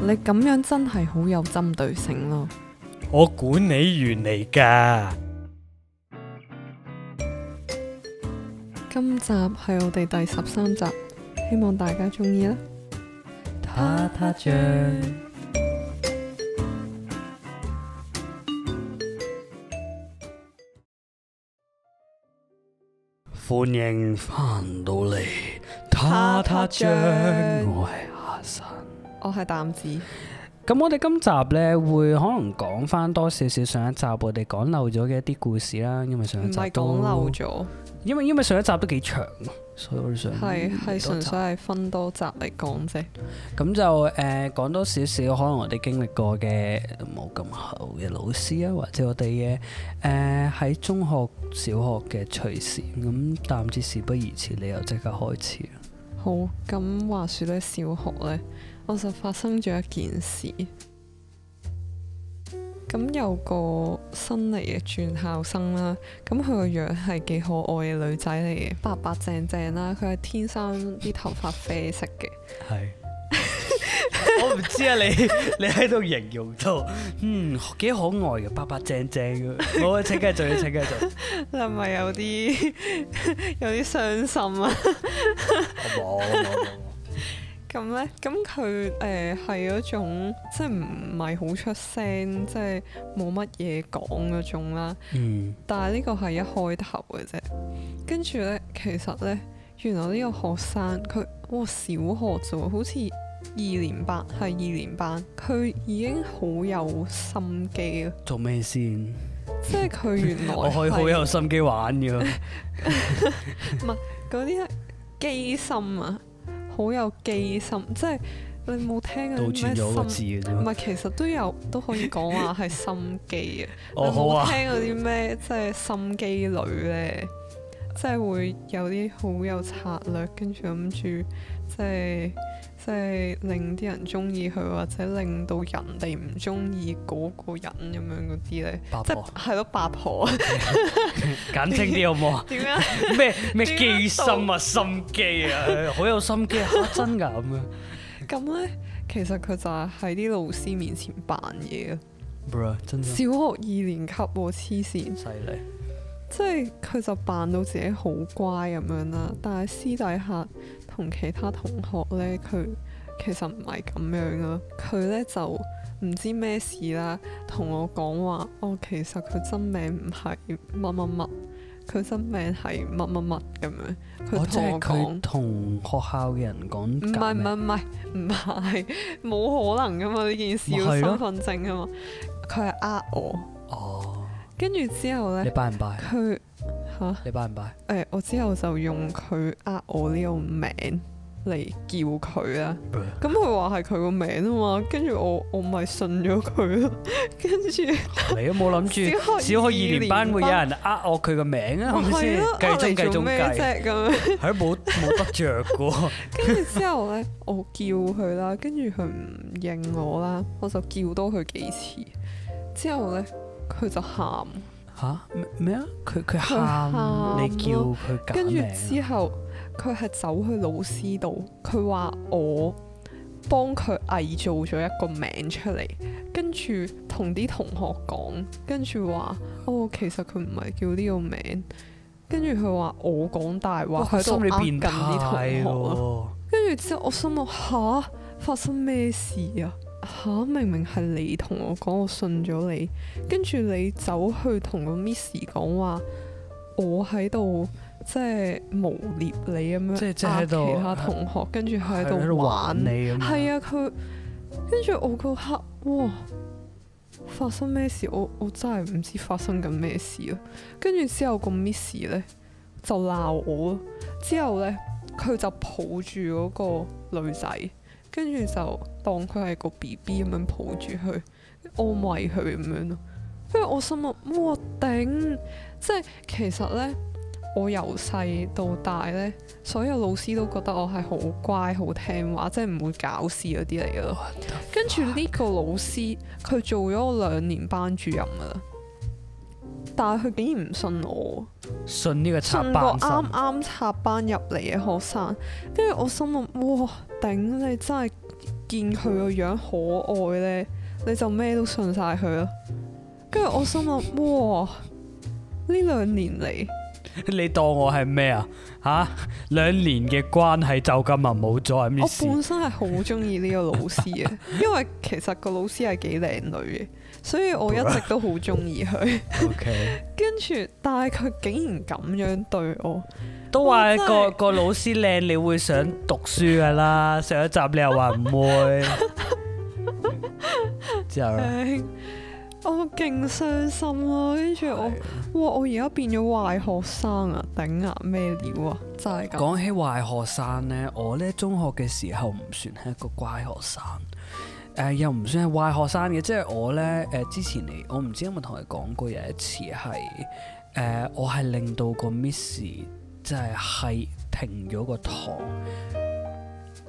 你咁樣真係好有針對性咯！我管理員嚟噶，今集係我哋第十三集，希望大家中意啦！塔塔將，歡迎翻到嚟，塔塔將，我係哈臣。我係淡紫。咁我哋今集咧，會可能講翻多少少上一集我哋講漏咗嘅一啲故事啦，因為上一集都講漏咗，因為因為上一集都幾長啊，所以我想係係純粹係分多集嚟講啫。咁就誒講、呃、多少少可能我哋經歷過嘅冇咁好嘅老師啊，或者我哋嘅誒喺中學、小學嘅趣事咁。淡紫，事不宜遲，你又即刻開始。好，咁話說咧，小學咧。我就發生咗一件事，咁有個新嚟嘅轉校生啦，咁佢個樣係幾可愛嘅女仔嚟嘅，白白淨淨啦，佢係天生啲頭髮啡色嘅，係是， 我唔知啊，你你喺度形容到，嗯，幾可愛嘅，白白淨淨嘅，好啊，請繼續，請繼續，你係咪有啲有啲傷心啊？冇 。我咁咧，咁佢誒係嗰種即係唔係好出聲，即係冇乜嘢講嗰種啦。嗯，但係呢個係一開頭嘅啫。跟住咧，其實咧，原來呢個學生佢，哇，小學啫喎，好似二年班，係二年班，佢已經好有心機啊！做咩先？即係佢原來 我可以好有心機玩嘅。唔係嗰啲係機心啊！好有機心，即係你冇聽啲咩心？唔係，其實都有都可以講話係心機啊！你冇聽嗰啲咩，即係心機女咧，即係會有啲好有策略，跟住諗住即係。即係令啲人中意佢，或者令到人哋唔中意嗰個人咁樣嗰啲咧，即係係咯八婆，八婆 Okay. 簡稱啲好冇？點 樣、啊？咩咩機心啊， 心機啊，好有心機、啊， 啊！真噶咁樣？咁咧，其實佢就係喺啲老師面前扮嘢啊，Bro, 真小學二年級、啊，黐線，犀利害！即係佢就扮到自己好乖咁樣啦，但係私底下。同其他同學咧，佢其實唔係咁樣咯。佢咧就唔知咩事啦，同我講話，哦，其實佢真名唔係乜乜乜，佢真名係乜乜乜咁樣。我、哦、即係佢同學校嘅人講。唔係唔係唔係，唔係冇可能噶嘛？呢件事要身份證噶嘛？佢係呃我。哦。跟住之後咧，你拜唔拜？佢。吓、啊、你拜唔拜？誒、欸，我之後就用佢呃我呢個名嚟叫佢啦，咁佢話係佢個名啊嘛，了了 跟住我我咪信咗佢咯，跟住你都冇諗住小學二年班會有人呃我佢個名啊，係咪先？繼續繼續繼續咁樣，係都冇冇得着噶。跟住之後咧，我叫佢啦，跟住佢唔認我啦，我就叫多佢幾次，之後咧佢就喊。吓咩啊？佢佢喊你叫佢，跟住之後，佢係走去老師度，佢話我幫佢偽造咗一個名出嚟，跟住同啲同學講，跟住話哦，其實佢唔係叫呢個名，跟住佢話我講大話喺度呃緊啲同學，跟住之後我心諗吓發生咩事啊？吓，明明係你同我講，我信咗你，跟住你走去同個 Miss 講話，我喺度即係誣衊你咁樣，即係即喺度其他同學是跟住喺度玩你，係啊，佢跟住我個黑，哇，發生咩事？我我真係唔知發生緊咩事啦。跟住之後個 Miss 咧就鬧我啦，之後咧佢就抱住嗰個女仔。跟住就當佢係個 B B 咁樣抱住佢，安慰佢咁樣咯。跟住我心諗，我頂，即係其實咧，我由細到大咧，所有老師都覺得我係好乖、好聽話，即係唔會搞事嗰啲嚟嘅咯。What the 跟住呢個老師，佢做咗我兩年班主任嘅啦。但係佢竟然唔信我，信呢個插班生，啱啱插班入嚟嘅學生，跟住我心諗，哇，頂！你真係見佢個樣可愛呢，你就咩都信晒佢啦。跟住我心諗，哇，呢兩年嚟。你當我係咩啊？吓兩年嘅關係就咁啊，冇咗係咪先？我本身係好中意呢個老師嘅， 因為其實個老師係幾靚女嘅，所以我一直都好中意佢。 OK，跟住，但係佢竟然咁樣對我，都話個、就係、個老師靚，你會想讀書噶啦？上一集你又話唔會，之後 ？Um, 我勁傷心咯，跟住我，對了 哇！我而家變咗壞學生啊，頂啊，咩料啊，真係！講起壞學生咧，我咧中學嘅時候唔算係一個乖學生，誒、呃、又唔算係壞學生嘅，即係我咧誒之前嚟，我唔知有冇同你講過有一次係誒、呃、我係令到個 miss 即係係停咗個堂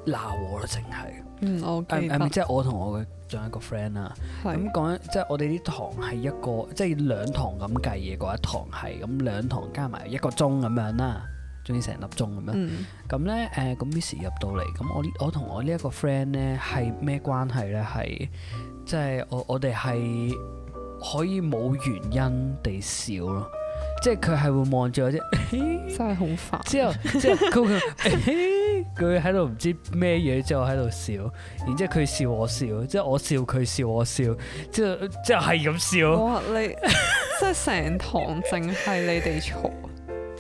鬧我咯，淨係，嗯，我記得、啊、即係我同我嘅。仲有一個 friend 啦，咁講即係我哋啲堂係一個，即係兩堂咁計嘢嗰一堂係咁兩堂加埋一個鐘咁樣啦，仲要成粒鐘咁樣。咁咧誒，咁 Miss 入到嚟，咁、呃、我我同我呢一個 friend 咧係咩關係咧？係即係我我哋係可以冇原因地笑咯，即係佢係會望住我啫， 真係好煩之。之後之後佢。 佢喺度唔知咩嘢，之後喺度笑，然之後佢笑我笑，即係我笑佢笑我笑，之後之後係咁笑。哇！你 即係成堂淨係你哋嘈。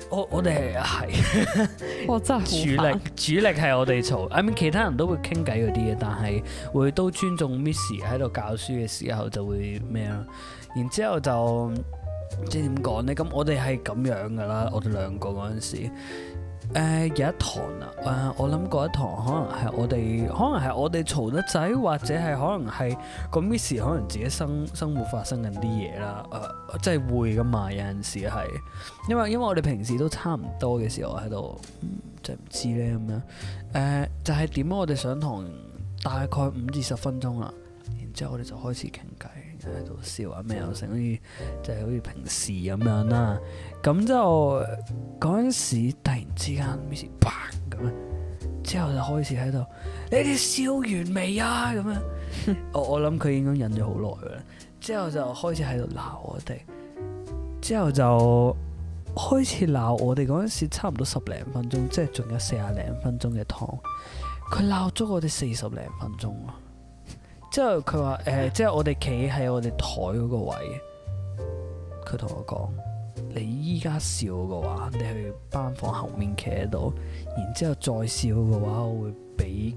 我我哋係， 我真係 主力主力係我哋嘈。I mean 其他人都會傾偈嗰啲嘅，但係會都尊重 Miss 喺度教書嘅時候就會咩咯。然之後就即係點講咧？咁我哋係咁樣㗎啦。我哋兩個嗰陣時。誒、呃、有一堂啦，誒、呃、我諗嗰一堂可能係我哋，可能係我哋嘈得滯，或者係可能係 Miss 可能自己生生活發生緊啲嘢啦，誒即係會㗎嘛，有陣時係，因為因為我哋平時都差唔多嘅時候喺度，即係唔知咧咁樣，誒、呃、就係、是、點我哋上堂大概五至十分鐘啦，然之後我哋就開始傾偈。喺度笑啊咩又成，好似就係好似平時咁樣啦。咁之後嗰陣時突然之間，於是啪咁樣，之後就開始喺度，你哋笑完未啊？咁樣，我我諗佢已經忍咗好耐啦。之後就開始喺度鬧我哋，之後就開始鬧我哋嗰陣時差唔多十零分鐘，即係仲有四十零分鐘嘅堂，佢鬧咗我哋四十零分鐘啊！之後佢話誒，即係我哋企喺我哋台嗰個位，佢同我講：你依家笑嘅話，你去班房後面企喺度。」然之後再笑嘅話，我會俾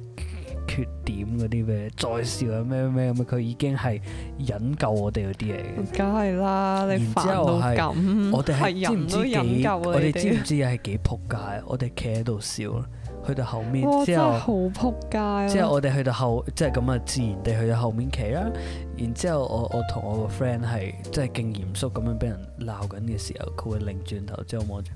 缺點嗰啲咩？再笑咩咩咩咁？佢已經係引咎我哋嗰啲嚟。梗係啦，你煩到咁，我哋係知唔知引咎？我哋知唔知係幾撲街？我哋企喺度笑。去到後面之後好撲街啊！之後我哋去到後，即係咁啊，自然地去到後面企啦。然之後，我我同我個 friend 係即係勁嚴肅咁樣俾人鬧緊嘅時候，佢會擰轉頭之後望住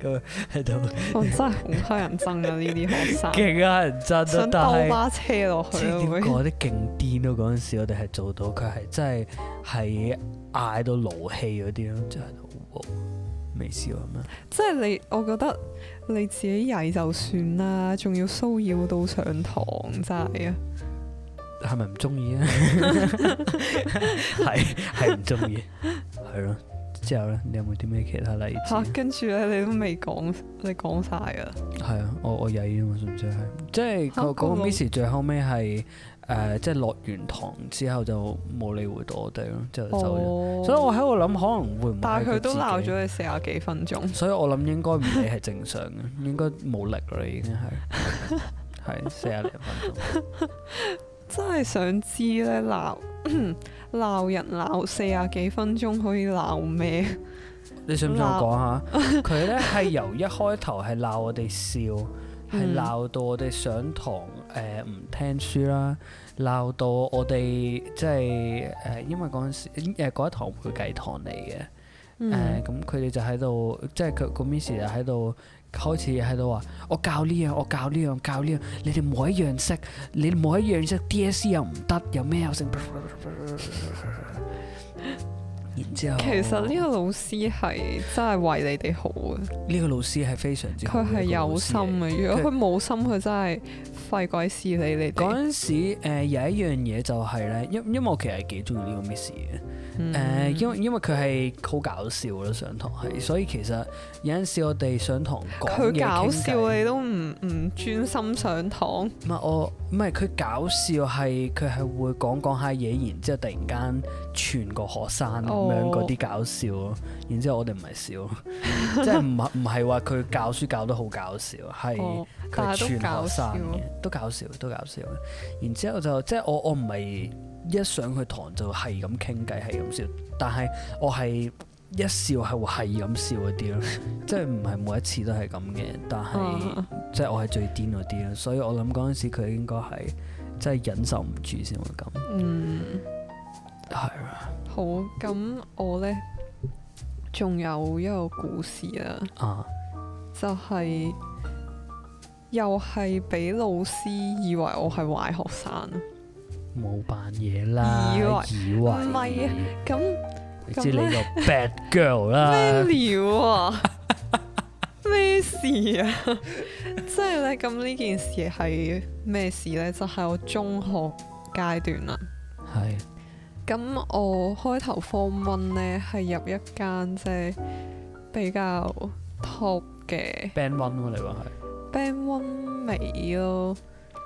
佢喺度。我真係好黑人憎啊！呢啲學生，勁黑人憎啊！想兜巴車落去。知點講啲勁癲咯？嗰陣時我哋係做到佢係真係係嗌到勞氣嗰啲咯，真係好好！微笑咁樣？即係你，我覺得。你自己曳就算啦，仲要騷擾到上堂，真係啊！係咪唔中意啊？係係唔中意，係咯對喊。之後咧，你有冇啲咩其他例子？吓，啊，跟住咧，你都未講，你講晒啊？係啊，我我曳啊嘛，純粹係，即係嗰個 Miss 最後尾係。誒，即係落完堂之後就冇理會到我哋咯，就走咗。Oh. 所以我喺度諗，可能會唔會，但係佢都鬧咗你四十幾分鐘。所以我諗應該唔理係正常嘅， 應該冇力啦，已經係係四十零分鐘。 真係想知咧鬧，鬧人鬧四十幾分鐘可以鬧咩？你想唔想講下？佢咧係由一開頭係鬧我哋笑，係鬧 到我哋上堂。誒唔、呃、聽書啦，鬧到我哋即係誒、呃，因為嗰陣時嗰、呃、一堂會計堂嚟嘅，誒咁佢哋就喺度，即係佢個、呃、Miss 就喺度開始喺度話：我教呢、這、樣、個，我教呢、這、樣、個，教呢、這、樣、個，你哋冇一樣識，你哋冇一樣識，DSE 又唔得，有咩又剩，然之後其實呢個老師係真係為你哋好啊！呢個老師係非常之，佢係有心嘅。如果佢冇心，佢是真係。費鬼事你你啲？嗰陣時，呃，有一樣嘢就係、是、咧，因因為我其實係幾中意呢個 Miss 嘅。誒，因為因為佢係好搞笑咯，上堂係，所以其實有陣時我哋上堂講嘢，佢搞笑傾偈，你都唔唔專心上堂。唔係我唔係佢搞笑係佢係會講講下嘢，然之後突然間串個學生咁樣嗰啲、oh. 搞笑咯。然之後我哋唔係笑，即係唔唔係話佢教書教得好搞笑，係佢、oh. 串學生嘅都搞笑，都搞笑。然之後就即係我我唔係。一上去堂就係咁傾偈，係咁笑。但係我係一笑係會係咁笑嗰啲咯， 即係唔係每一次都係咁嘅。但係、啊、即係我係最癲嗰啲咯，所以我諗嗰陣時佢應該係真係忍受唔住先會咁。嗯，係啊吧。好，咁我呢，仲有一個故事啦。啊，就係、是、又係俾老師以為我係壞學生。冇扮嘢啦，以為唔係為啊？咁樣知你個 bad girl 啦？咩料啊？咩事啊？即係咧咁呢件事係咩事咧？就係、是、我中學階段啦。係是。咁我開頭 form one 咧係入一間即係比較 top 嘅。Band one 喎，你話係？Band one 未咯？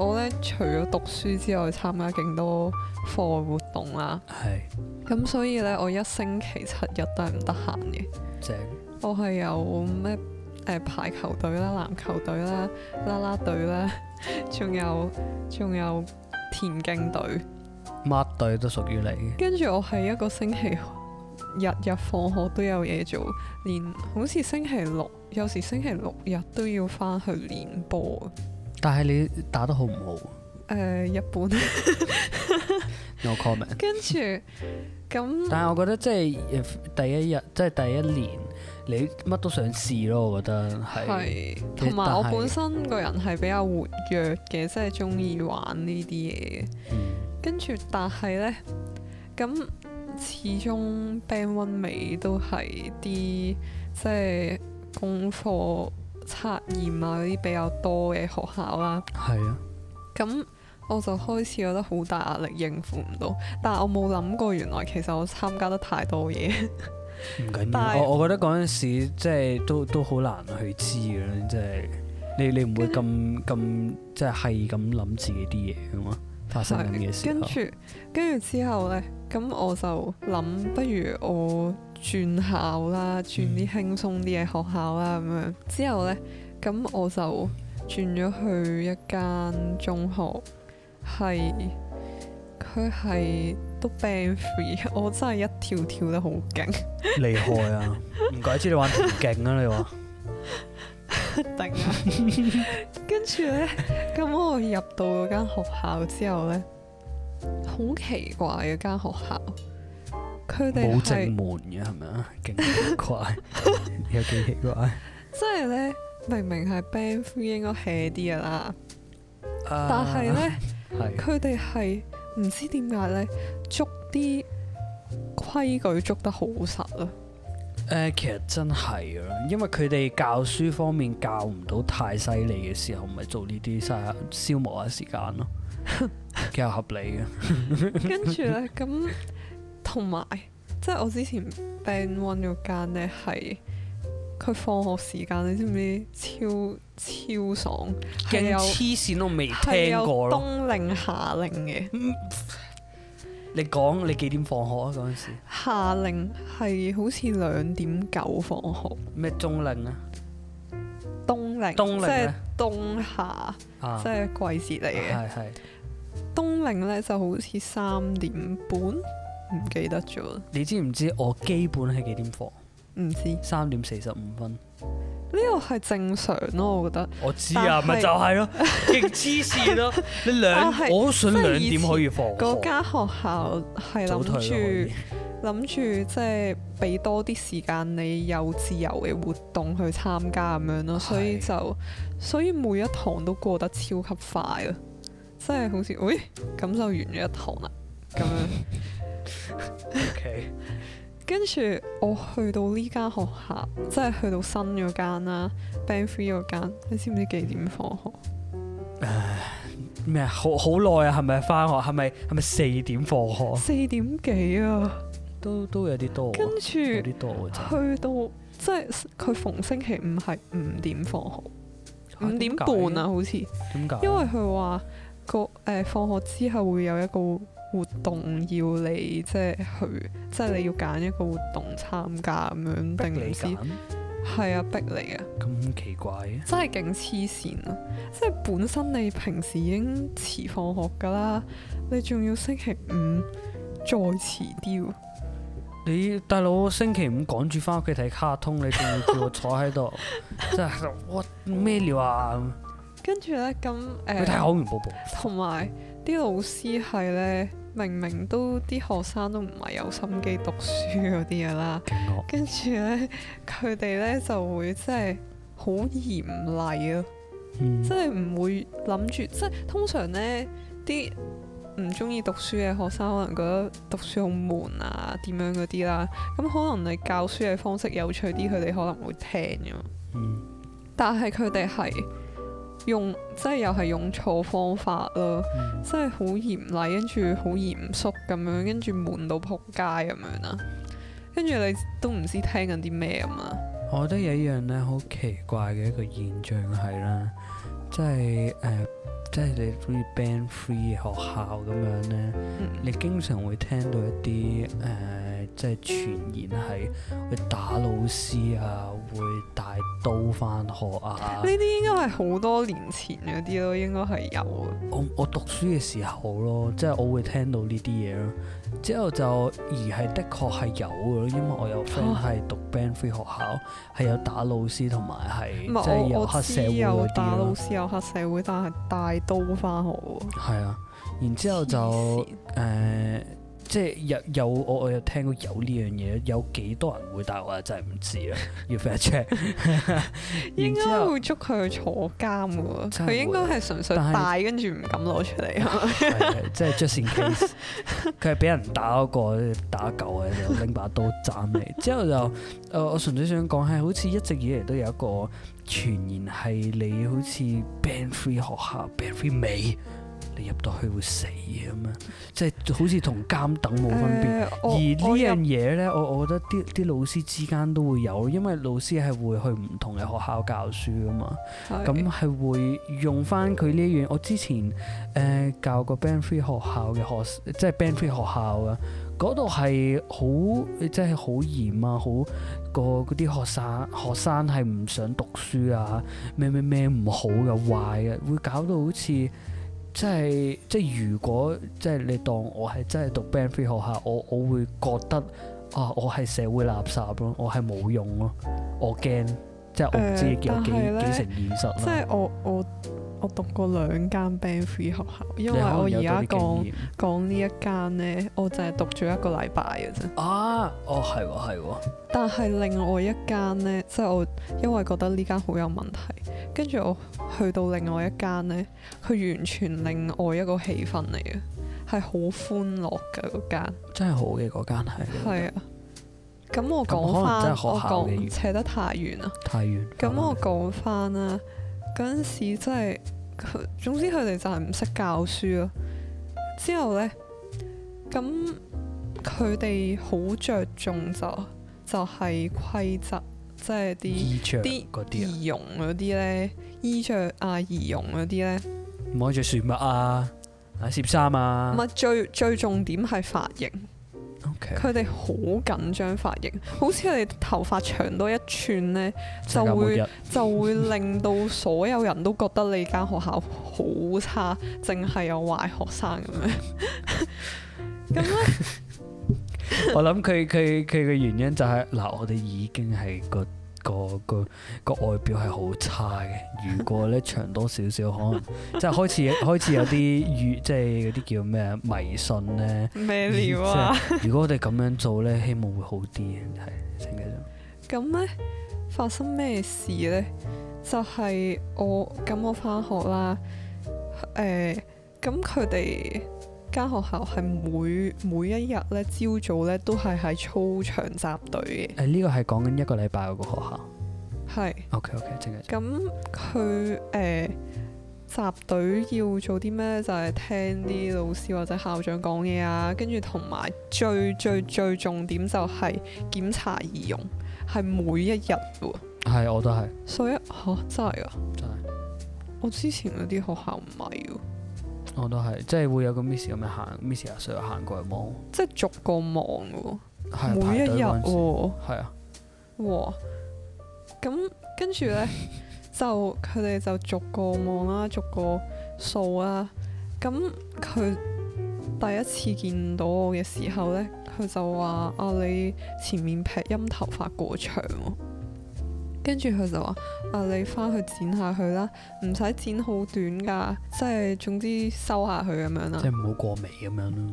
我咧除咗讀書之外，參加勁多課外活動啦。係是。咁所以咧，我一星期七日都係唔得閒嘅。正。我係有咩誒、呃、排球隊啦、籃球隊啦、啦啦隊啦，仲有仲有田徑隊。乜隊都屬於你。跟住我係一個星期日日放學都有嘢做，連好似星期六，有時星期六日都要返去練波。但係你打得好唔好？誒一般。No comment。跟住咁。但係我覺得即係第一日，即係第一年，你乜都想試咯。我覺得係。係。同埋我本身個人係比較活躍嘅，即係中意玩呢啲嘢嘅。嗯。跟住，但係咧，咁始終 band one 尾都係啲即係功課、測驗啊嗰啲比較多嘅學校啦，係是啊，咁我就開始覺得好大壓力應付唔到，但我冇諗過原來其實我參加得太多嘢。唔緊要， 我我，我覺得嗰陣時即係都都好難去知嘅，即係你你唔會咁咁著即係係咁諗自己啲嘢噶嘛，對發生緊嘅事。跟住跟住之後咧，咁我就諗不如我。轉校啦，轉啲輕鬆啲嘅學校啦，咁樣之後呢，咁我就轉咗去一間中學，係佢係都 band 3，我真係一跳跳得好勁，厲害啊！唔 怪之你玩勁啊！你話頂。跟住 了 呢，咁我入到嗰間學校之後呢，好奇怪，嗰間學校。佢哋好正門嘅係咪啊？勁奇怪， 有幾奇怪。即係咧，明明係 band three 應該 hea 啲啊，uh, 但係咧，佢哋係唔知點解咧，捉啲規矩捉得好實咯。誒、呃，其實真係啦，因為佢哋教書方面教唔到太犀利嘅時候，咪做呢啲晒消磨下時間咯，幾 合理嘅。 跟住咧咁。同埋，即係我之前 band one 嗰間咧，係佢放學時間，你知唔知超超爽，勁黐線，都未有聽過有冬令夏令嘅、嗯。你講你幾點放學啊？嗰陣時夏令係好似兩點九放學。咩？中令啊？冬令，冬令即係冬夏，啊、即係季節嚟嘅。係係、啊。啊啊啊、冬令咧就好似三點半時。唔記得咗。你知唔知我基本係幾點放？唔知。三點四十五分。呢個係正常咯，我覺得。哦、我知啊，咪是就係咯，極痴線咯。你兩、啊、我想兩點可以放。嗰間學校係諗住諗住，即係俾多啲時間你有自由嘅活動去參加咁樣咯，是所以就所以每一堂都過得超級快咯，真、就、係、是、好似，喂、哎，咁就完咗一堂啦，咁樣。 O K，跟住我去到呢間學校，即係去到新嗰間啦，Band Three 嗰間，你知唔知幾點放學？咩、嗯、好好耐啊？係咪翻學？係咪係咪四點放學？四點幾啊,啊？都都有啲多、啊，跟住著、啊、去到即係佢逢星期五係五點放學，五、啊、點半啊，好似點解？為因為佢話個誒、呃、放學之後會有一個。活動要你即係去，即係你要揀一個活動參加咁樣，定你知？係啊，逼你啊！咁奇怪嘅，真係勁黐線啊！即係本身你平時已經遲放學噶啦，你仲要星期五再遲啲喎？你大佬星期五趕住翻屋企睇卡通，你仲要叫我坐喺度，真係我咩料啊！跟住咧，咁誒睇《海綿寶寶》，同埋。啲老師係咧，明明都啲學生都唔係有心機讀書嗰啲啦，跟住咧佢哋咧就會真係好嚴厲啊、嗯，即係唔會諗住即係通常咧啲唔中意讀書嘅學生，可能覺得讀書好悶啊，點樣嗰啲啦。咁可能你教書嘅方式有趣啲，佢哋可能會聽嘅、嗯、但係佢哋係。用即係又係用錯方法咯，嗯、即係好嚴厲，跟住好嚴肅咁樣，跟住悶到撲街咁樣啦，跟住你都唔知聽緊啲咩咁啊！嗯、我覺得有一樣咧好奇怪嘅一個現象係啦、就是呃，即係誒，即係你 Band 3學校咁樣咧，你經常會聽到一啲誒。呃即係傳言係會打老師啊，會帶刀翻學啊。呢啲應該係好多年前嗰啲咯，應該係有。我我讀書嘅時候咯，即係我會聽到呢啲嘢咯。之後就而係的確係有嘅，因為我有 friend 係讀 band three 學校，係、啊、有打老師同埋係即係有黑社會嗰啲咯。打老師有黑社會，但係帶刀翻學。係啊，然後之後就誒。即係有有我我有聽過有呢樣嘢，有幾多人會答我，答係我真係唔知啊。要 f i r check，應該會捉佢去坐監喎。佢應該係純粹帶是跟住唔敢攞出嚟。即係、 就是、Just in Case，佢係俾人打嗰、那個、打狗啊，就拎把刀斬嚟。之後就誒、呃，我純粹想講係好似一直以嚟都有一個傳言係你好學，好似 band 3學校 band 3尾。入到去會死咁樣！即係好似同監等冇分別。而呢樣嘢咧，我呢我覺得啲啲老師之間都會有，因為老師係會去唔同嘅學校教書㗎嘛。咁係是會用翻佢呢樣。嗯、我之前誒、呃、教過 Band 3學校嘅學，即、就、係、是、Band 3學校啊，嗰度係好即係好嚴啊，好個嗰啲學生學生係唔想讀書啊，咩咩咩唔好嘅、壞嘅，會搞到好似～即係即係，如果即係你當我係真係讀 Band 3學校，我我會覺得啊，我係社會垃圾咯，我係冇用咯，我驚，即係我唔知有幾幾成現實啦。即係我我。我我讀過兩間 Band Three 學校，因為我而家講講呢一間呢，我淨係讀咗一個禮拜嘅啫。啊，哦，係喎，係喎。但係另外一間呢，即係我因為覺得呢間好有問題，跟住我去到另外一間呢，佢完全另外一個氣氛嚟嘅，係好歡樂嘅嗰間。真係好嘅嗰間係。係啊，咁我講翻，我講扯得太遠啦，太遠。咁我講翻啦。嗰陣時真係佢，總之佢哋就係唔識教書咯。之後咧，咁佢哋好着重就、就係、是、規則，即係啲啲儀容啲咧，衣着啊，儀容嗰啲咧，唔可以著雪襪啊，啊涉衫啊，唔係，最最重點係髮型。佢哋好緊張髮型，好似你頭髮長多一寸呢，就會就會令到所有人都覺得你間學校好差，淨係有壞學生咁樣。 我諗佢佢佢嘅原因就係、係、嗱，我哋已經係、個。個個個外表係好差嘅，如果咧長多少少，可能 即係開始開始有啲越即係嗰啲叫咩迷信咧咩料啊！如果我哋咁樣做咧，希望會好啲。係，請繼續。咁咧發生咩事咧？就係、是、我咁我翻學啦。誒、呃，咁佢哋。間學校係每每一日咧，朝早咧都係喺操場集隊嘅。誒、欸，呢個係講緊一個禮拜嗰個學校。係是。O K O K，正嘅。咁佢誒集隊要做啲咩就係、是、聽啲老師或者校長講嘢啊，跟住同埋最最最重點就係檢查儀容，係、嗯、每一日嘅。係，我都係。所以吓真係啊！真係，真我之前嗰啲學校唔係要。我都係，oh, yes. Just，即係會有個 miss 咁樣行，miss 阿 Sir 行過嚟望，即係逐個望喎，每一日喎，係啊，哇，咁跟住咧，就佢哋就逐個望啦，逐個數啦。咁佢第一次見到我嘅時候咧，佢就話：啊，你前面劈陰頭髮過長喎。跟住佢就話：啊，你翻去剪下佢啦，唔使剪好短噶，即係總之收下佢咁樣啦。即係唔好過眉咁樣咯。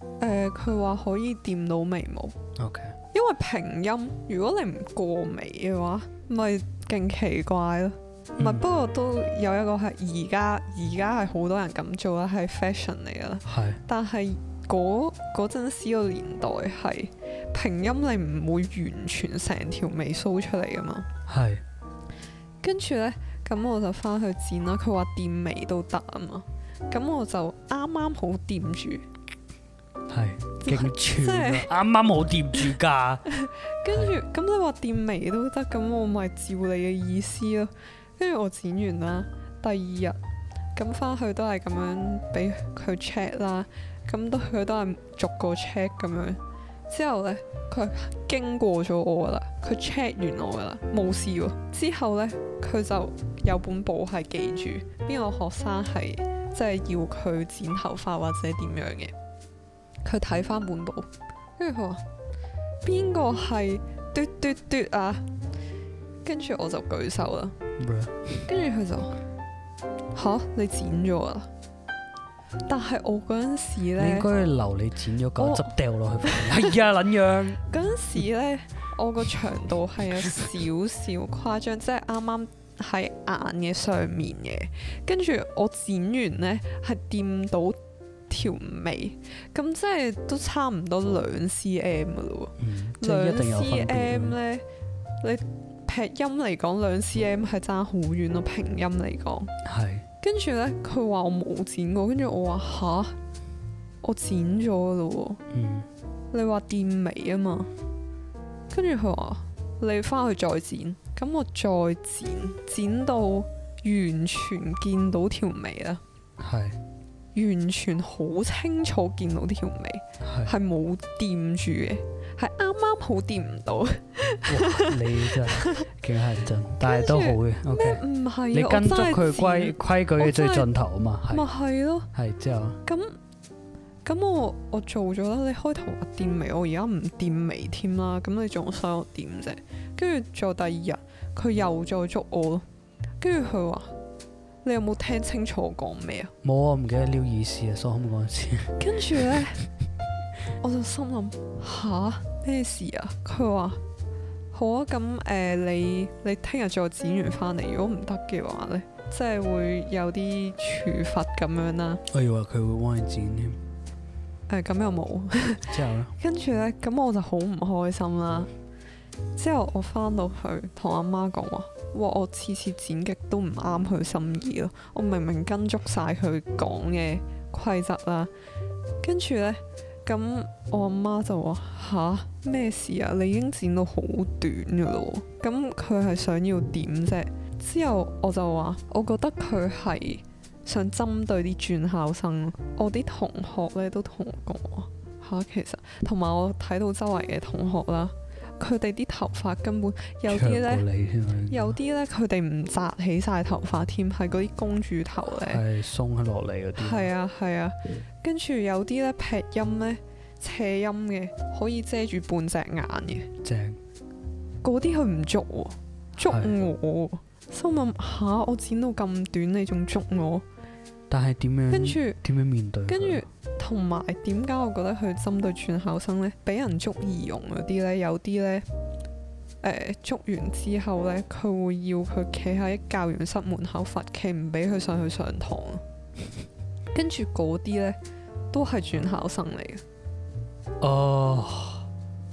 誒、呃，佢話可以掂到眉毛。O K。因為平音，如果你唔過眉嘅話，咪勁奇怪咯。咪不、嗯、不過都有一個係而家，而家係好多人咁做啦，係 fashion 嚟噶啦。係是。但係嗰嗰陣時個年代係。平音你唔會完全成條眉梳出嚟噶嘛？係。跟住咧，咁我就翻去剪啦。佢話掂眉都得啊嘛。咁我就啱啱好掂住。係，勁全啊！啱啱好掂住噶。跟住，咁你話掂眉都得，咁我咪照你嘅意思咯。跟住我剪完啦，第二日咁翻去都係咁樣俾佢 check 啦。咁都佢都係逐個 check 咁樣。之後呢，佢經過咗我啦，佢 check 完我噶啦，冇事喎。之後呢，佢就有本簿係記住邊個學生係即係要佢剪頭髮或者點樣嘅。佢睇翻本簿，跟住佢話邊個係嘟嘟嘟啊？跟住我就舉手啦。跟住佢就吓、啊、你剪咗啦。但係我嗰陣時咧，應該留你剪咗膠汁掉落去。係、哎、啊，捻樣。嗰陣 時咧，我個長度係有少少誇張， 即係啱啱喺眼嘅上面嘅。跟住我剪完咧，係掂到條眉，咁即係都差唔多兩 cm 噶咯。嗯，兩 cm 咧，你劈音嚟講，兩 cm 係差好遠咯。平音嚟講，係。跟住呢，佢話我冇剪過，跟住我話吓，我剪咗咯。嗯，你話掂眉啊嘛，跟住佢話你翻去再剪，咁我再剪，剪到完全見到條眉啦。係是，完全好清楚見到條眉，係冇掂住嘅。係啱啱好掂唔到，你真係幾乞人憎，但係都好嘅。O K，唔係你跟足佢規規矩嘅最盡頭啊嘛，咪係咯。係之後咁咁，我我做咗啦。你開頭話掂眉，我而家唔掂眉添啦。咁你仲想我掂啫？跟住再第二日，佢又再捉我咯。跟住佢話你有冇聽清楚我講咩啊？冇啊，唔記得撩耳屎啊，所忽嗰陣時。跟住咧。我就心諗吓咩事啊？佢話好啊，咁誒、呃，你你聽日再剪完翻嚟。如果唔得嘅話呢，即係會有啲處罰咁樣啦。我以為佢會幫你剪添，誒咁、呃、又冇 之後呢，跟住咧，咁我就好唔開心啦。之後我翻到去同阿媽講話，哇！我次次剪極都唔啱佢心意咯。我明明跟足晒佢講嘅規則啦，跟住呢。.咁我阿媽就話，嚇咩事啊？你已經剪到好短㗎喇，咁佢係想要點啫？之後我就話我覺得佢係想針對啲轉校生。我啲同學咧都同我講，話嚇，其實同埋我睇到周圍嘅同學啦。佢哋啲頭髮根本有啲咧，有啲咧佢哋唔紮起晒頭髮添，係嗰啲公主頭咧，係鬆落嚟啲。係啊係啊，啊嗯、跟住有啲咧劈音咧斜音嘅，可以遮住半隻眼嘅。正，嗰啲佢唔捉，捉我心諗下，我剪到咁短，你仲捉我？但係點樣？跟住著點樣面對跟？跟住。同埋，點解我覺得佢針對轉校生呢？俾人捉儀容嗰啲呢，有啲呢誒、呃、捉完之後呢，佢會要佢企喺教員室門口罰企，唔俾佢上去上堂。 跟住嗰啲呢，都係轉校生嚟嘅。哦，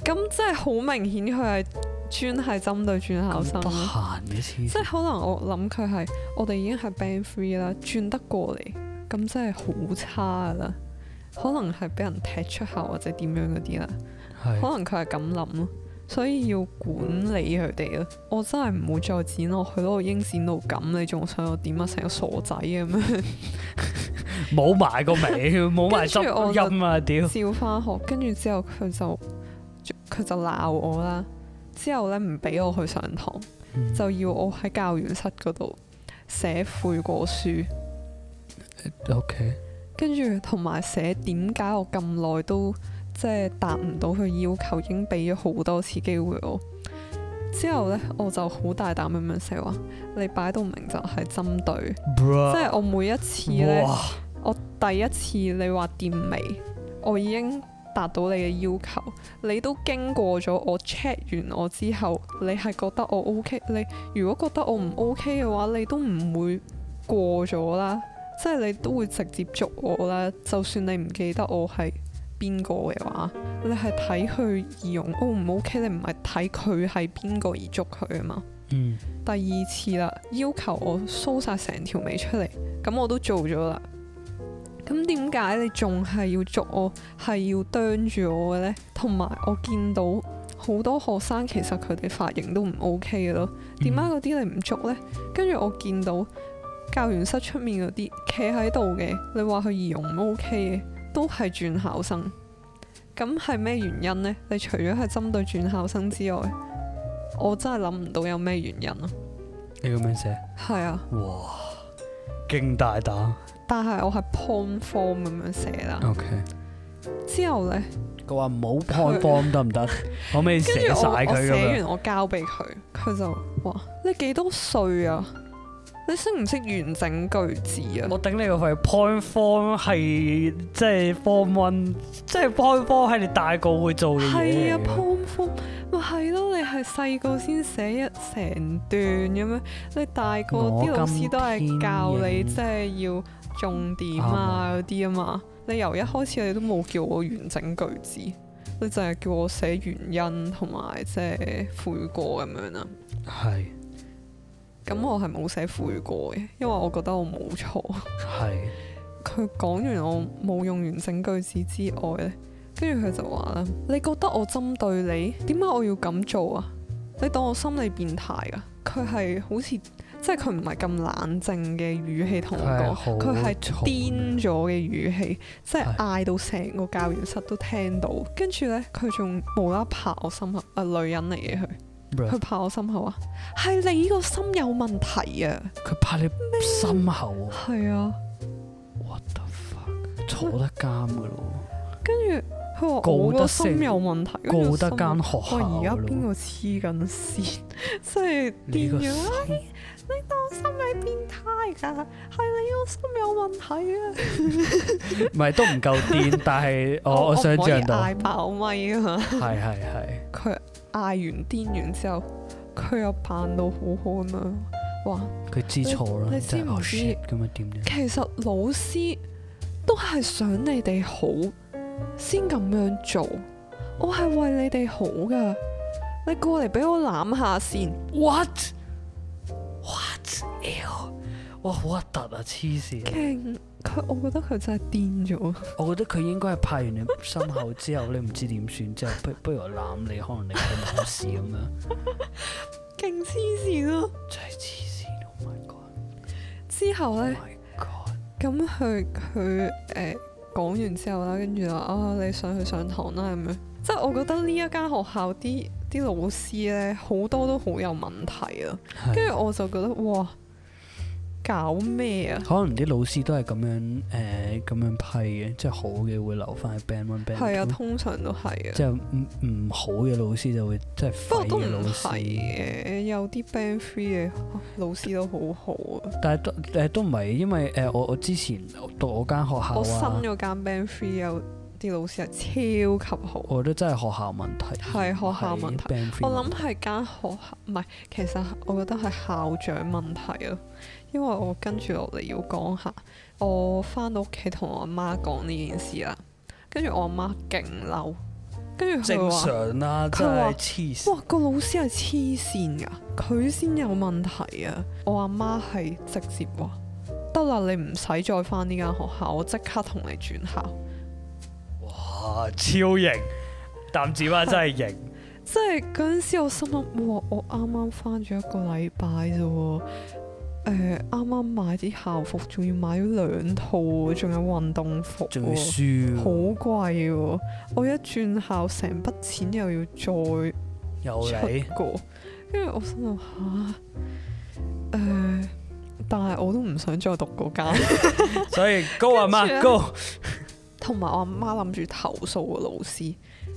咁真係好明顯，佢係專係針對轉校生。得閒嘅即係可能我諗佢係我哋已經係 Band 3啦，轉得過嚟，咁真係好差㗎啦。可能係俾人踢出校，或者點樣嗰啲啦，是可能佢係咁諗咯，所以要管理佢哋咯。我真係唔會再剪落去咯，我已剪到咁，你仲想我點啊？成個傻仔咁樣，冇 埋個尾，冇埋收音啊！屌，笑翻學，跟住之後佢就佢就鬧我啦，之後咧唔俾我去上堂，嗯、就要我喺教員室嗰度寫悔過書。O K。跟住同埋寫點解我咁耐都即係達唔到佢要求，已經俾咗好多次機會我。之後呢，我就好大膽咁樣寫話，你擺到明就係針對，Bro. 即係我每一次呢，Wow. 我第一次你話掂未，我已經達到你嘅要求，你都經過咗我 check 完我之後，你係覺得我 OK，你如果覺得我唔 OK 嘅話，你都唔會過咗啦。即係你都會直接捉我啦，就算你唔記得我係邊個嘅話，你係睇佢儀容 O 唔 O K？你唔係睇佢係邊個而捉佢啊嘛。嗯、第二次啦，要求我梳晒成條眉出嚟，咁我都做咗啦。咁點解你仲係要捉我，係要啄住我嘅咧？同埋我見到好多學生其實佢哋髮型都唔 O K 嘅咯，點解嗰啲你唔捉咧？跟住、嗯、我見到。教員室出面嗰啲企喺度嘅，你話佢儀容唔 O K 嘅，都係轉校生。咁係咩原因呢？你除咗係針對轉校生之外，我真係諗唔到有咩原因咯。你咁樣寫？係啊。哇，勁大膽。但係我係 point form 咁樣寫啦。O K。之後呢，佢話唔好 point form 得唔得？我未寫晒佢。寫樣完我交俾佢，佢就哇，你幾多歲啊？你識唔識完整句子啊？我頂你個肺！point form 係即係 form one，即係 point form 係你大個會做嘅嘢，啊。係啊，point form 咪係咯，你係細個先寫一成段咁樣，嗯、你大個啲今老師都係教你即係要重點啊嗰啲啊嘛。嗯嗯、你由一開始你都冇叫我完整句子，你淨係叫我寫原因同埋即係悔過咁樣啊。係。咁我係冇寫悔過嘅，因為我覺得我冇錯。係佢講完我冇用完整句子之外咧，跟住佢就話啦：嗯、你覺得我針對你？點解我要咁做啊？你當我心理變態啊？佢係好似即係佢唔係咁冷靜嘅語氣同我講，佢係癲咗嘅語氣，是即係嗌到成個教研室都聽到。跟住咧，佢仲無啦啦拍我心口，啊、呃、女人嚟嘅佢。佢怕我心口啊？係你個心有問題啊！佢怕你心口。係啊。麼 What the fuck? 坐得監噶咯？跟住佢話我個心有問題。坐得間學校。而家邊個黐緊線？所以癲咗。你當心變態，你變態噶？係你個心有問題啊！唔 係 都唔夠癲，但係 我我想象到。太爆咪啊！係係係。佢。嗌完癲完之後，佢又扮到好好咁啊！哇，佢知錯啦，真知咁啊點咧？哦、樣樣其實老師都係想你哋好，先咁樣做。我係為你哋好噶，你過嚟俾我攬下先。w h a t w h a t e、欸、哇，好核突啊，黐線。佢，我覺得佢真係癲咗。我覺得佢應該係拍完你心口之後， 你唔知點算，之後不不如我攬你，可能你冇事咁樣。 勁黐線咯！真係黐線，Oh my god！之後呢，咁佢佢誒講完之後啦，跟住話啊，你想去上堂啦咁樣。即係我覺得呢一間學校啲啲老師呢，好多都好有問題啊。跟住的我就覺得哇！嘩搞咩啊？可能啲老師都係咁樣，誒、呃、咁樣批嘅，即係好嘅會留翻喺 Band One、嗯、Band Two。係啊，通常都係啊。即係唔唔好嘅老師就會即係。不過都唔係嘅，有啲 Band Three 嘅老師都好好啊。但係都誒都唔係，因為誒我、呃、我之前讀我間學校、啊。我新咗間 Band Three 有啲老師係超級好。我覺得真係學校問題。係學校問題。我諗係間學校唔係，其實我覺得係校長問題啊。因為我跟住落嚟要講下，我翻到屋企同我阿媽講呢件事啦，跟住我阿媽勁嬲，跟住佢話正常啦，啊，佢話黐線哇，個老師係黐線噶，佢先有問題啊，我阿媽係直接話得啦，你唔使再翻呢間學校，我即刻同你轉校。哇，超型，淡紫媽是真係型，即係嗰陣時我心諗，哇，我啱啱翻咗一個禮拜啫。誒，啱啱、呃、買啲校服，仲要買咗兩套，仲有運動服，仲要書、啊，好貴。我一轉校，成筆錢又要再出過你，跟住我心諗下，誒、呃，但係我都唔想再讀嗰間， 所以、 啊、高 o 阿媽 g 同埋我阿媽諗住投訴個老師，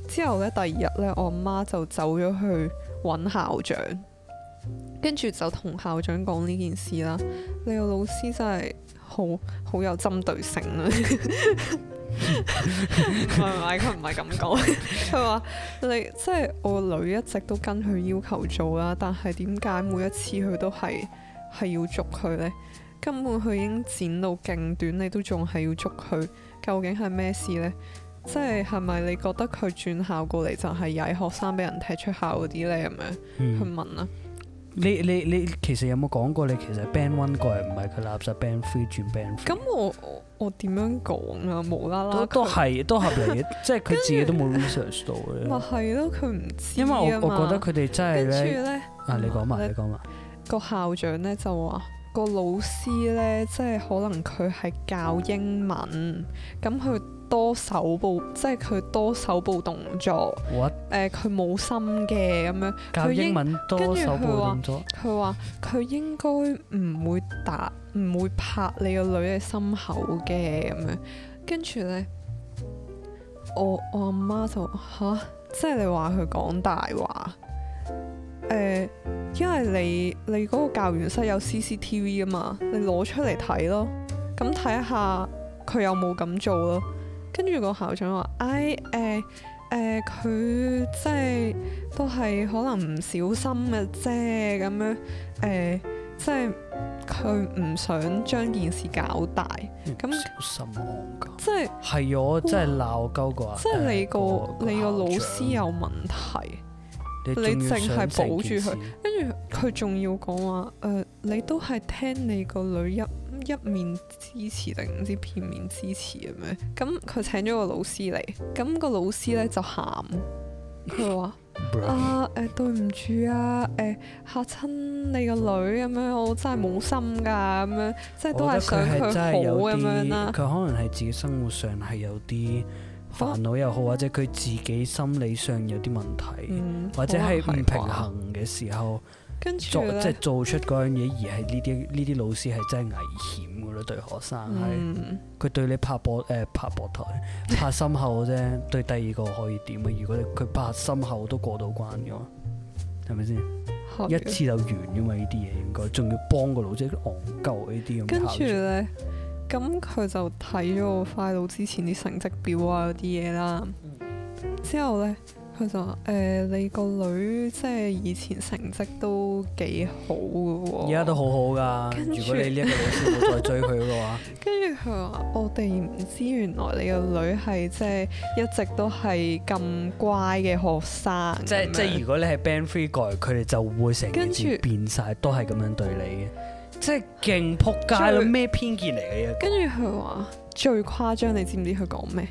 之後咧第二日咧，我阿媽就走咗去搵校長。跟住就同校長講呢件事啦，你個老師真係好好有針對性啊，啦， 唔係，唔係，佢唔係咁講，佢 話你即係我女一直都跟佢要求做啦，但係點解每一次佢都係係要捉佢呢？根本佢已經剪到勁短，你都仲係要捉佢？究竟係咩事呢？即係係咪你覺得佢轉校過嚟就係曳學生俾人踢出校嗰啲咧？咁樣去問啊？你你你其實有冇講過？你其實 Band One 過嚟唔係佢垃圾 Band Three 轉 Band Four。咁我我我點樣講啊？無啦啦都都係都合理， 即係佢自己都冇 research 到嘅。咪係咯，佢唔知。因為我我覺得佢哋真係咧啊！你講埋，你講埋個校長咧就話、個老師咧，即係可能佢係教英文，咁佢、嗯。多手部，即係佢多手部動作。誒 What?、呃，佢冇心嘅咁樣。佢英文多手部動作。佢話佢應該唔會打，唔會拍你個女嘅心口嘅咁樣。跟住咧，我我阿媽就吓，即係你話佢講大話。誒、呃，因為你你嗰個教員室有 CCTV 啊嘛，你攞出嚟睇咯，咁睇下佢有冇咁做咯。跟住個校長話：唉、哎，誒、呃、誒，佢即係都係可能唔小心嘅啫，咁樣，誒、呃，即係佢唔想將件事搞大，咁，即係係我真係鬧鳩過，哇即係你個，欸、個你個老師有問題。你淨係保住佢，跟住佢仲要講話，誒、呃、你都係聽你個女一一面之詞定唔知片面之詞咁樣，咁佢請咗個老師嚟，咁、那個老師咧就喊，佢話、嗯：啊誒對唔住啊，誒、呃啊呃、嚇親你個女咁樣，我真係冇心㗎咁樣，即係都係想佢好咁樣啦。佢可能係自己生活上係有啲煩惱又好，或者佢自己心理上有啲問題，嗯、或者係唔平衡嘅時候，跟住咧，即係做，即係、做出嗰樣嘢而係呢啲呢啲老師係真係危險嘅咯，對學生係佢、嗯、對你拍博誒、呃，拍博台拍心口啫， 對第二個可以點，啊？如果你佢拍心口都過到關嘅嘛，係咪先一次就完嘅嘛？呢啲嘢應該仲要幫個老師戇鳩呢啲咁，跟住咧。咁佢就睇咗我 file 之前啲成績表啊嗰啲嘢啦，之後咧，佢就話：誒、呃、你個女即係以前成績都幾好嘅喎，而家都好好噶。如果你呢一個老師再追佢嘅話，跟住佢話：我哋唔知原來你個女係即係一直都係咁乖嘅學生。即即係如果你係 Band Three 過嚟，佢哋就會成跟住變晒，都係咁樣對你嘅。嗯即係勁扑街咯，咩最偏見嚟嘅嘢？跟住佢話最誇張，你知唔知佢講咩？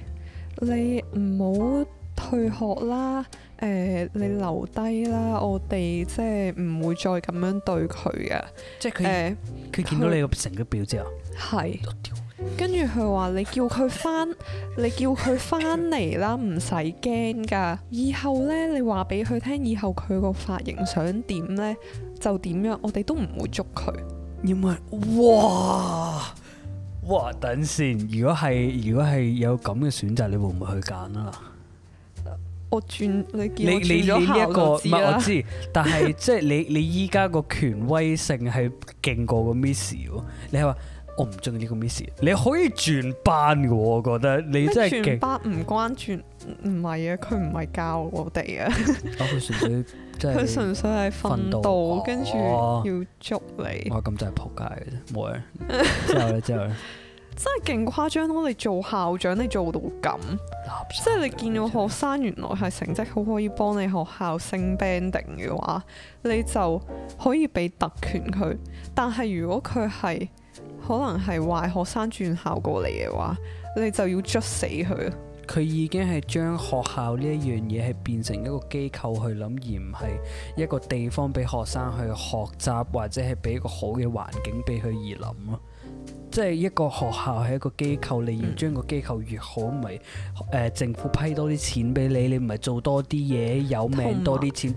你唔好退學啦，誒、呃，你留低啦，我哋即係唔會再咁樣對佢噶。即係佢，佢、呃、見到你個成個表之後。係。跟住佢話你叫佢返，你叫佢返嚟啦，唔使驚噶。以後咧，你話俾佢聽，以後佢個髮型想點咧就點樣，我哋都唔會捉佢。要咪哇哇？等先，如果係如果係有咁嘅選擇，你會唔會去揀啊？我轉你見我轉咗校內唔係我知，但係 即係你你依家個權威性係勁過個 Miss，你係話我唔中意呢個 Miss，你可以轉班噶，我覺得你真係勁。班唔關轉。唔係啊，佢唔係教我哋啊，佢 純、哦、粹即係佢純粹係訓導，跟住要捉你。哇，咁真係仆街嘅啫，冇嘢。 之後咧，之後咧，真係勁誇張咯！你做校長，你做到咁，啊、即係你見到學生原來係成績好，可以幫你學校升 band 嘅話，你就可以俾特權佢。但係如果佢係可能係壞學生轉校過嚟嘅話，你就要捉死佢佢已經係將學校呢一樣嘢係變成一個機構去諗，而唔係一個地方俾學生去學習，或者係俾一個好嘅環境俾佢而諗咯。即係一個學校係一個機構，你要將個機構越好，咪誒、嗯呃、政府批多啲錢俾你，你唔係做多啲嘢，有命多啲錢。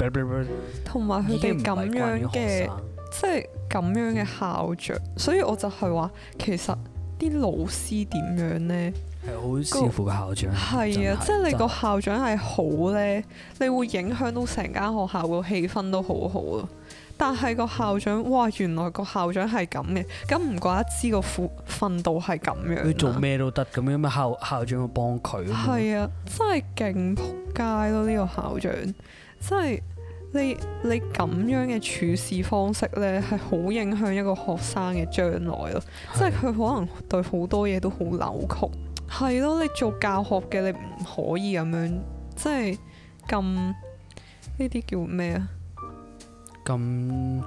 同埋佢哋咁樣嘅，即係咁樣嘅校長，所以我就係話，其實啲老師點樣呢？係好視乎個校長，係啊、那個，即係你個校長係好咧，你會影響到成間學校個氣氛都好好咯。但係個校長，哇，原來個校長係咁嘅，咁唔怪得知個副訓導係咁樣。你做咩都得，咁樣咪校校長會幫佢？係啊的，真係勁撲街咯！呢個校長真係你你咁樣嘅處事方式咧，係好影響一個學生嘅將來咯。是的 即係佢可能對好多嘢都好扭曲。係咯，你做教學嘅，你唔可以咁樣，即係咁呢啲叫咩啊？咁誒、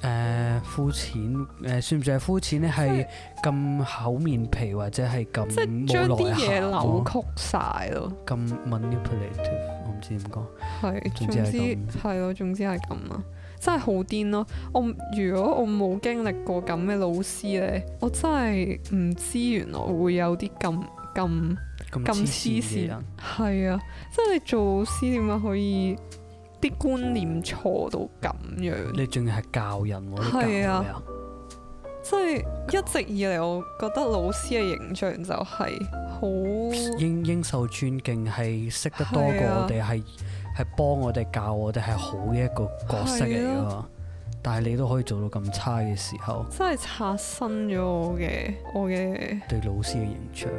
呃、膚淺誒、呃、算唔算係膚淺咧？係咁是厚面皮或者係咁即將啲嘢扭曲晒咯？咁 manipulative，我唔知點講。係，總之係咯，總之係咁啊！真係好癲咯！我如果我冇經歷過咁嘅老師咧，我真係唔知原來會有啲咁。咁咁黐線，係啊！即係你做老師點解可以啲觀念錯到咁樣？你仲要係教人喎，係啊！即係、就是、一直以嚟，我覺得老師嘅形象就係好應應受尊敬，係識得多過我哋，係係對幫我哋教我哋係好嘅一個角色嚟噶。但係你都可以做到咁差嘅時候，真係刷新咗我嘅我嘅對老師嘅形象。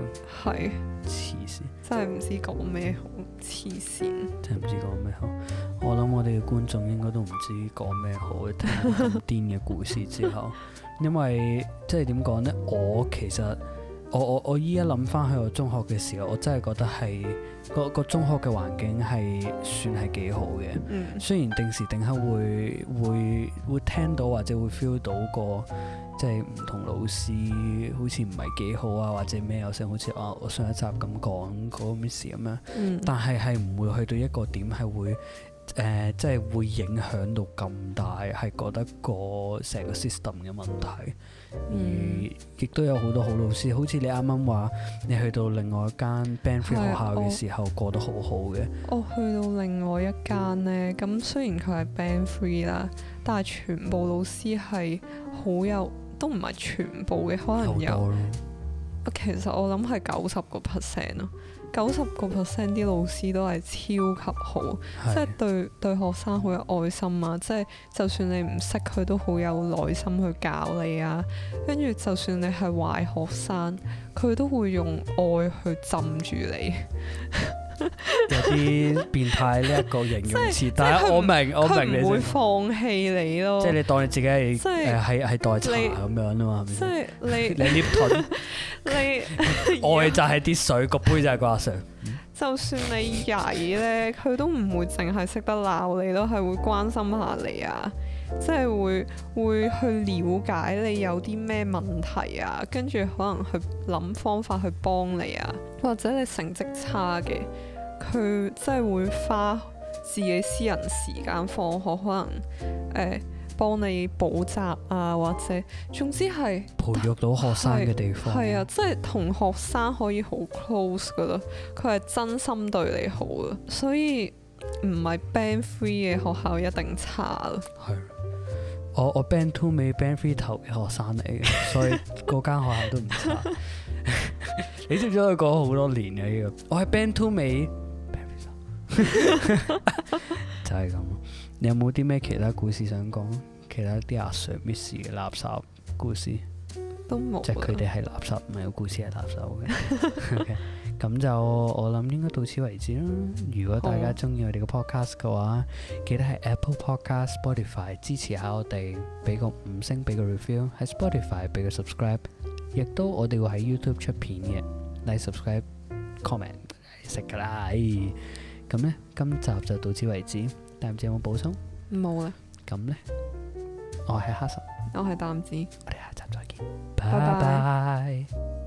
係是，黐線，真係唔知講咩好，黐線，真係唔知講咩好。我諗我哋嘅觀眾應該都唔知講咩好，一啲癲嘅故事之後， 因為即係點講呢？我其實。我我我依家諗翻去我中學嘅時候，我真係覺得係個個中學嘅環境係算係幾好嘅。嗯、雖然定時定刻會會會聽到或者會 feel 到個即係唔同老師好似唔係幾好啊，或者咩有聲好似我、啊、我上一集咁講嗰 miss 咁樣，那個嗯、但係係唔會去到一個點係會。誒、呃，即係會影響到咁大，係覺得個成個 system 嘅問題。嗯、而亦都有好多好老師，好似你啱啱話，你去到另外一間 band free 學校嘅時候，過得好好嘅。我去到另外一間呢。咁、嗯、雖然佢係 band free 啦，但係全部老師係好有，都唔係全部嘅，可能有。有其實我諗係九十個 percent 咯。九十個 percent 啲老師都係超級好，即係的對對學生好有愛心啊！即係就算你唔識佢，都好有耐心去教你啊。跟住就算你係壞學生，佢都會用愛去浸住你。 有啲變態呢一個形容詞，但係我明我明你,你,你，唔會放棄你咯。即係你當你自己係係係代茶咁你樣啊嘛。即係你 你舐唇， 你愛就係啲水，個 杯就係個阿 Sir。嗯、就算你曳咧，佢都唔會淨係識得鬧你，都係會關心下你啊。即係會會去了解你有啲咩問題啊，跟住可能去諗方法去幫你啊，或者你成績差嘅，佢即係會花自己私人時間放學可能誒幫、欸、你補習啊，或者總之係培育到學生嘅地方，啊。係啊，即係同學生可以好 close 噶啦，佢係真心對你好啊，所以唔係 Band 3嘅學校一定差咯。嗯我我 band two 尾 band three 頭嘅學生嚟嘅，所以嗰間學校都唔差。 你知唔知佢講咗好多年嘅呢個？我喺 band two 尾 band three 頭就係咁。你有冇啲咩其他故事想講？其他啲阿 Sir miss 嘅垃圾故事都冇，即係佢哋係垃圾，唔係個故事係垃圾嘅。 okay? 咁就我諗應該到此為止啦。如果大家中意我哋嘅 podcast 嘅話，好記得喺 Apple Podcast、Spotify 支持下我哋，俾個五星，俾個 review 喺 Spotify，俾個 subscribe。亦都我哋會喺 YouTube 出片嘅，嚟、like, subscribe、comment，食噶啦。咁、哎、呢，今集就到此為止。但唔知有冇補充？冇啦。咁呢，我係哈臣，我係淡紫。我哋下集再見，拜拜 bye。Bye bye